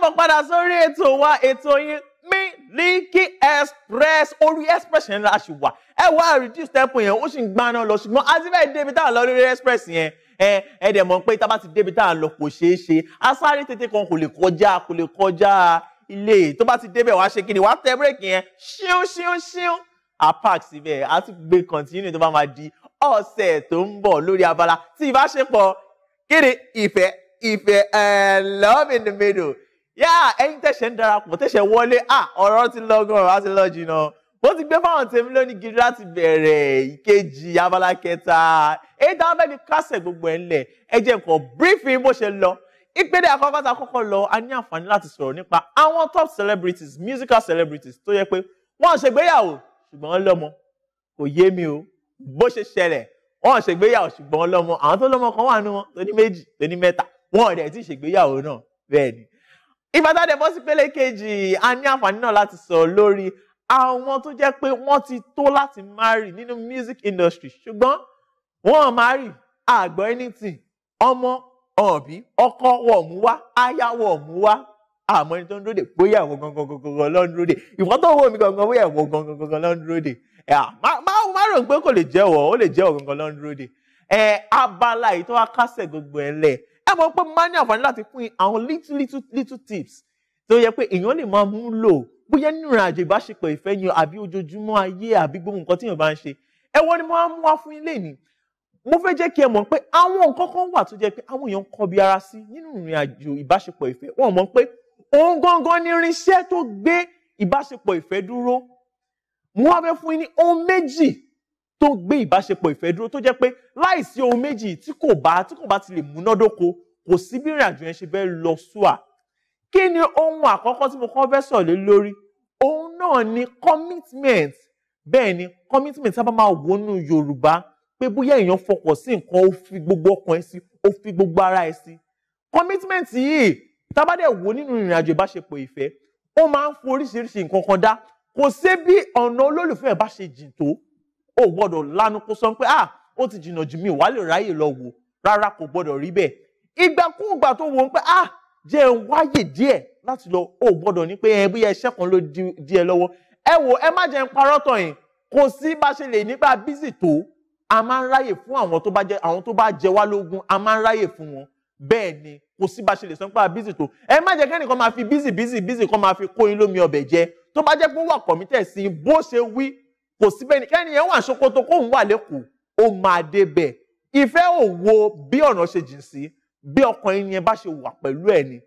káàbọ̀ padà sórí ètò wa ètò yín Miliki Express orí express yẹn la ṣì wà ẹ wá reduce tempo yẹn ó sì ń gbaná lọ ṣùgbọ́n a ti fẹ́ débi táwọn lọ lórí express yẹn ẹ ẹ dẹ̀ mọ̀ pé tábà ti débi tá à ń lọ kò ṣeé ṣe asáré tètè kan kò lè kọjá kò lè kọjá ilé tó bá ti débẹ̀ wá ṣe kíni wá tẹ bírèkì yẹn ṣíún ṣíún ṣíún a park síbẹ̀ a ti gbé kọ́ntínú tó bá máa di ọ̀sẹ̀ tó ń bọ̀ lórí abala tí ìbáṣepọ̀ kíni ìfẹ́ ìfẹ́ ẹ̀ love in the middle yá ẹ̀yin tẹ̀sẹ̀ ń darapọ̀ tẹ̀sẹ̀ wọlé à ọ̀rọ̀ ti lọ gan ọ̀rọ̀ ti lọ jìnnà bó ti gbé fáwọn tèmi lónìí gidi láti bẹ̀rẹ̀ ìkejì abala kẹta èyí táwọn fẹ́ẹ́ fi kásẹ̀ gbogbo ẹ̀ ńlẹ̀ ẹ jẹ́ nǹkan bírífì bó ṣe lọ ìpele àkọ́kọ́ kọ́kọ́ lọ a ní àǹfààní láti sọ̀rọ̀ nípa àwọn top celebrities musical celebrities tó yẹ pé wọ́n ṣègbéyàwó ṣùgbọ́n lọ́mọ kò yé mi o bó ṣe ṣẹlẹ̀ wọ́n ṣègbéyàwó ṣùgbọ́n lọ́mọ àwọn tó lọ́mọ kan wà nínú wọn tó ní méjì tó ní mẹ́ta wọn ò dẹ̀ tí ì ṣègbéyàwó náà bẹ́ẹ̀ ni ìbátàdé bọ́ sí pélé kejì a ní àǹfààní náà láti sọ̀rọ̀ lórí àwọn tó jẹ́ pé wọ́n ti tó láti marry nínú music industry ṣùgbọ́n wọ́n marry àgbọ̀ anything ọmọ ọ̀bí ọkọ wọ̀ mú wá aya wọ̀ mú wá àmọ́ ẹni tó ń dúró dè bóyá ẹ̀wọ̀ gangan gangan ló ń dúró dè ìwọ́n tó wọ̀ mí gangan bóyá ẹ̀wọ̀ gangan gangan ló ń dúró dè má rò pé kò lè jẹ́wọ̀ ó lè jẹ́wọ̀ gangan ló ń dúró dè abala yìí tó wá kásẹ̀ gbogbo ẹ̀ lẹ́ẹ̀ ẹ mọ̀ pé máa ní àǹfààní láti fún àwọn little little little tips tó yẹ pé èèyàn lè máa mú lò bóyá nínú àjò ìbáṣepọ̀ ìfẹ́ yan àbí ojoojúmọ́ ayé àbí gbogbo nǹkan tí èèyàn bá ń ṣe ẹ wọ́n ni mo máa ń mú wá fún ilé ni mo fẹ́ jẹ́ kí ẹ mọ̀ pé àwọn nǹkan kan wà tó jẹ́ pé àwọn èèyàn kọ́ bí ara sí nínú ìrìn àjò ìbáṣepọ̀ ìfẹ́ wọ́n mọ̀ pé òun gangan ni irinṣẹ́ tó gbé ìbáṣepọ̀ ìfẹ́ dúró mo wá fẹ́ fún yín ní ohun méjì tó ń gbé ìbáṣepọ̀ ìfẹ́ dúró tó jẹ́ pé láìsí ohun méjì tí kò bá tí kò bá ti lè múnádóko kò sí bí ìrìn àjò yẹn ṣe bẹ́ẹ̀ lọ sùà kí ni ohun àkọ́kọ́ tí mo kọ́ fẹ́ sọ̀rọ̀ lé lórí ohun náà ni commitment bẹ́ẹ̀ ni commitment sábà máa wò nínú Yorùbá pé bóyá èèyàn fọkàn sí nǹkan ó fi gbogbo ọkàn ẹ sí ó fi gbogbo ara ẹ sí commitment yìí tábàdẹ̀ wò nínú ìrìn àjò ìbáṣepọ̀ ìfẹ́ ó máa ń foríṣiríṣi nǹkan kan dá kò sí bí ọ̀nà olólùfẹ́ bá ṣe jìn tó ò gbọ́dọ̀ lanu kó sọ pé ah ó ti jìnnà jù mí ò wá lè ráyè lọ wò rárá kò gbọ́dọ̀ rí bẹ́ẹ̀ ìgbàkúùgbà tó wò ó pé ah jẹ́ ń wáyè díẹ̀ láti lọ ò gbọ́dọ̀ ní pé ẹ bí ẹṣẹ́ kan ló di ẹ lọ́wọ́ ẹ wò ẹ má jẹ́ ń parọ́ tàn yín kò sí bá ṣe lè nígbà bísí tó a máa ń ráyè fún àwọn tó bá jẹ àwọn tó bá jẹ wá lógún a máa ń ráyè fún wọn bẹ́ẹ̀ ni kò sí bá ṣe lè sọ pé a bísí tó ẹ má jẹ́ kẹ́nìkan máa fi bísí bísí bísí kan máa fi kó yín lómi ọbẹ̀ jẹ tó bá jẹ́ pé ó wà kọ̀mítẹ̀ sí bó ṣe wí kò síbẹ̀ ní kẹ́ni yẹn wà ṣòkòtò kóun wà lẹ́kọ̀ọ́ ó máa dé bẹ̀ ìfẹ́ ò wo bí ọ̀nà ṣe jìn sí bí ọkàn ẹni yẹn bá ṣe wà pẹ̀lú ẹ̀ ni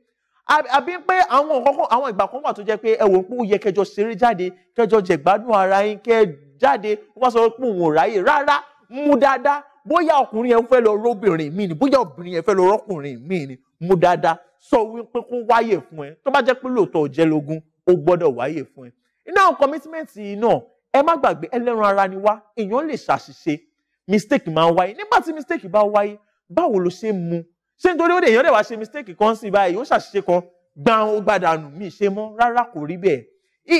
àbí pé àwọn kọ́kọ́ àwọn ìgbà kan wà tó jẹ́ pé ẹ wò pé ó yẹ kẹjọ ṣeré jáde kẹjọ jẹ̀gbádùn ara yín kẹ jáde ó bá sọ pé òun ò ráyè rárá mú dáadáa bóyá ọkùnrin yẹn fẹ́ lọ róbìnrin míì ni bóyá obìnrin yẹn fẹ́ lọ rọ́kùnrin míì ni mú dáadáa sọ wípé kó wáyè fún ẹ tó bá jẹ́ pé lóòótọ́ jẹ́ lógún ó gbọ́dọ̀ wáyè fún ẹ. iná commitment náà ẹ má gbàgbé ẹlẹ́ran ara ni wá èèyàn lè ṣàṣìṣe mistake máa ń wáyé nígbà tí mistake bá wáyé báwo ló ṣe mu ṣé nítorí ó lè èèyàn lè wá ṣe mistake kan sí báyìí ó ṣàṣìṣe kan gbàn ó gbàdánù mi ṣe mọ́ rárá kò rí bẹ́ẹ̀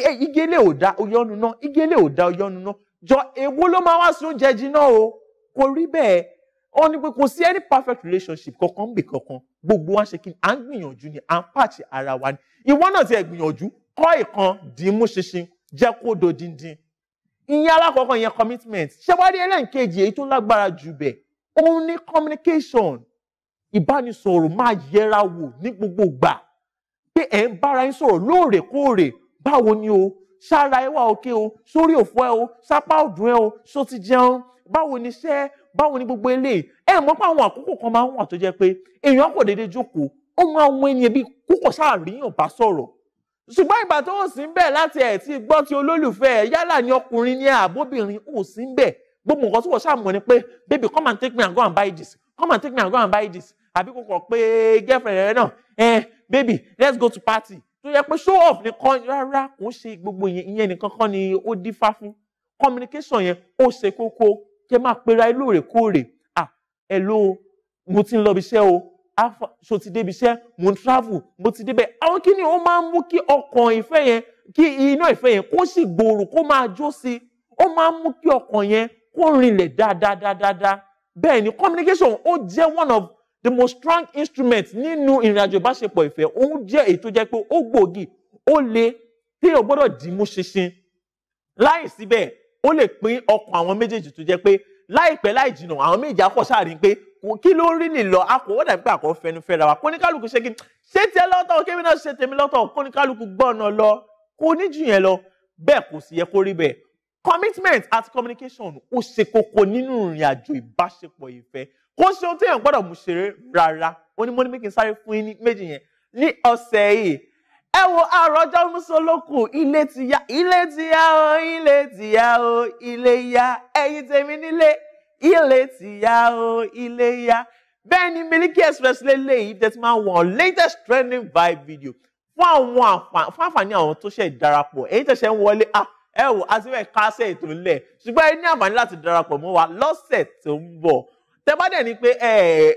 e, igele ò da oyọ́nu náà igele ò da oyọ́nu náà jọ èwo ló máa wá sí oúnjẹ jiná o kò rí bẹ́ẹ̀ wọ́n ní pé kò sí any perfect relationship kankan bì kankan gbogbo wa ṣe kí ni à ń gbìyànjú ni à ń pàṣẹ ara wa ni ìwọ náà ti ẹ̀ gbìyànjú kọ́ ìkan dìímú ṣinṣin jẹ́ kó dodindin ìyẹn alákọ̀ọ́kọ́ ìyẹn commitment ṣẹ́wádìí ẹlẹ́ǹkejì èyí tó lágbára jù bẹ̀ òun ní communication ìbánisọ̀rọ̀ máa yẹra wò ní gbogbo gbà pé ẹ̀ ń bára yín sọ̀rọ̀ lóòrèkóòrè báwo ni o ṣára ẹ wà òkè o sórí òfò ẹ o sápá ọ̀dùn ẹ o ṣó ti jẹun báwo ni iṣẹ́ báwo ni gbogbo eléyìí ẹ mọ̀ pé àwọn àkókò kan máa ń wà tó jẹ́ pé èèyàn kò déédéé jókòó ó máa ń wọ ẹni ẹbí kókò sáà ríyàn bá sọ̀rọ̀ ṣùgbọ́n ìgbà tó ò sí ń bẹ̀ láti ẹ̀ tí gbọ́ ti olólùfẹ́ ẹ̀ yálà ni ọkùnrin ni àbóbìnrin ò sí ń bẹ̀ gbogbo nǹkan tó wọ́n ṣàmù ni pé baby come and take me and go and buy this come and take me and go and buy this àbí kò kọ̀ pé girlfriend rẹ náà ẹ baby let's go to party tó yẹ pé show off nìkan rárá kò ń ṣe gbogbo ìyẹn nìkan kan ni ó dífá fún communication yẹn ó ṣe kókó kẹ máa pera ẹ lóòrèkóòrè ah hello mo ti ń lọ ibi iṣẹ́ o so ti débi iṣẹ́ mo ń travel mo ti débẹ̀ àwọn kí ni ó máa ń mú kí ọkàn ìfẹ́ yẹn kí iná ìfẹ́ yẹn kó sì gbòòrò kó máa jó sí i ó máa ń mú kí ọkàn yẹn kó rinlẹ̀ dáadáadáa bẹ́ẹ̀ ni communication ó jẹ́ one of the most strong instruments nínú ìrìnàjò ìbáṣepọ̀ ìfẹ́ ó jẹ́ èyí tó jẹ́ pé ó gbòógì ó le téèyàn gbọ́dọ̀ dìímú ṣinṣin láì síbẹ̀ ó lè pín ọkàn àwọn méjèèjì tó jẹ́ pé láìpẹ́ láì jìnnà àwọn méjì akọ̀ sáà rí pé kí ló ń rí nìlọ a kò wọ́n dàbí pé àkọ́ fẹnu fẹ́ra wa kóníkálukú ṣe kí ṣé tiẹ̀ lọ́tọ̀ kébí náà ṣe tèmi lọ́tọ̀ kóníkálukú gbọ́nà lọ kó ní jù yẹn lọ bẹ́ẹ̀ kò sì yẹ kó rí bẹ́ẹ̀ commitment àti communication ó ṣe kókó nínú ìrìn àjò ìbáṣepọ̀ ìfẹ́ kó ṣe ohun téèyàn gbọ́dọ̀ mú ṣeré rárá ó ní mo ní bí kí n sáré fún yín méjì yẹn ní ọ̀sẹ̀ yìí ẹ wo àròjọ mùsùlùkù ilé ti ya ilé ti yá o ilé ti yá o ilé ya ẹ̀yin tèmi nílé ilé ti yá o ilé yá bẹ́ẹ̀ ni Miliki Express lélẹ̀ yìí tẹ́tí máa ń wọ̀n latest trending vibe video fún àwọn àǹfààní àwọn tó ṣe ìdarapọ̀ èyí tẹ̀sẹ̀ ń wọlé ah ẹ wò á ti fẹ́ kásẹ̀ ètò ńlẹ̀ ṣùgbọ́n ẹ ní àǹfààní láti darapọ̀ mọ́ wa lọ́sẹ̀ tó ń bọ̀ tẹ bá dẹ̀ ni pé ẹ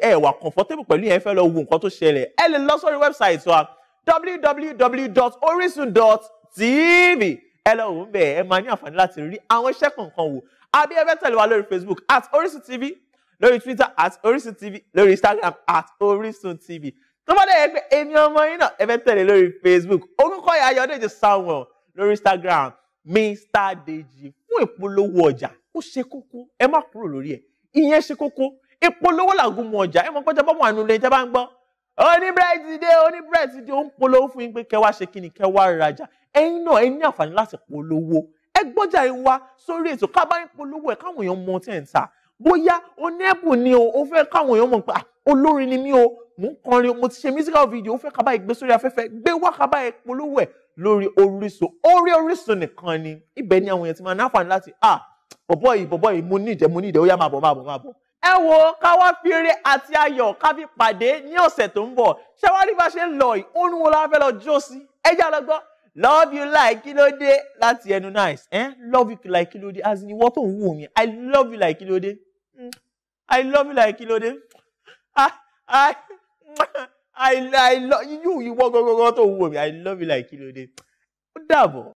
ẹ wà comfortable pẹ̀lú yẹn fẹ́ lọ wo nǹkan tó ṣẹlẹ̀ ẹ lè lọ sórí website wa www.orisun.tv ẹ lọ wò ó bẹ̀ ẹ máa ní àǹfààní láti rí àwọn iṣẹ́ kọ̀ọ̀kan wò àbí ẹ fẹ́ tẹ̀lé wa lórí Facebook at Orisun TV lórí Twitter at Orisun TV lórí Instagram at Orisun TV tó bá dẹ̀ yẹ pé èmi ọmọ yín náà ẹ fẹ́ tẹ̀lé lórí Facebook orúkọ yà Ayọ̀dèjì Samuel lórí Instagram Mr Deji fún ìpolówó ọjà ó ṣe kókó ẹ má kúrò lórí ẹ ìyẹn ṣe kókó ìpolówó làgùn mu ọjà ẹ mọ pé jọba wà nílé ìjọba ń gbọ́ oní búrẹ́dì dé oní búrẹ́dì dé ó ń polówó fún yín pé kẹwàá ṣe kí ni kẹwàá rajà ẹ̀yin náà ẹ ní àǹfààní láti polówó ẹ gbọ́jà yìí wá sórí ètò ká bá ń polówó ẹ̀ káwọn èèyàn mọ tí ẹ̀ ń tà bóyá onẹ́bù ni o ó fẹ́ káwọn èèyàn mọ̀ pé ah, olórin ni mí o mò ń kọrin mo ti ṣe musical video ó fẹ́ ká báyìí gbé sórí afẹ́fẹ́ gbé wá ká báyìí polówó ẹ̀ lórí Orísun orí Orísun nìkan ni ibẹ̀ ni àwọn èèyàn ti máa náfààní láti ah bọ̀bọ̀ yìí bọ̀bọ̀ yìí mo ní ìjẹ́ mo ní ìdẹ́ ó yá máa bọ̀ máa bọ̀ máa bọ̀ ẹ wo ká wá fi eré àti ayọ̀ ká pàdé ní ọ̀sẹ̀ tó ń bọ̀ ṣé bá ṣe ń lọ yìí ó ń wo la lọ jó sí ẹ já love you like kí ló dé láti ẹnu nice eh? love you like kí ló dé as in ìwọ tó ń wù mí i love you like kí ló i love you like kí ló dé ah, ah, i i i love you ìwọ gọgọgọ tó ń wù mí i love you like kí ló dé ó dàbọ̀.